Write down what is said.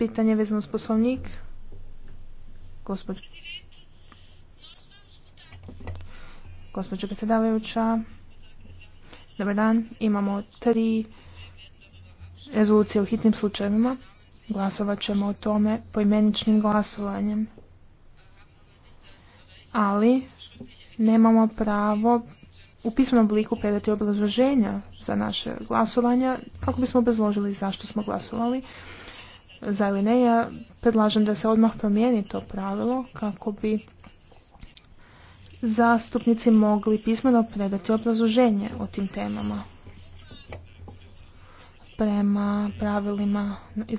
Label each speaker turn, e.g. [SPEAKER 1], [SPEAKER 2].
[SPEAKER 1] pitanje vezano s poslovnik. Gospođo, predsjedavajuća, dobar dan. Imamo tri rezolucije u hitnim slučajevima. Glasovat ćemo o tome poimeničnim glasovanjem. Ali nemamo pravo u pismenom obliku predati obrazloženja za naše glasovanja kako bismo obrazložili zašto smo glasovali za ili ne, ja predlažem da se odmah promijeni to pravilo kako bi zastupnici mogli pismeno predati obrazloženje o tim temama prema pravilima
[SPEAKER 2] iz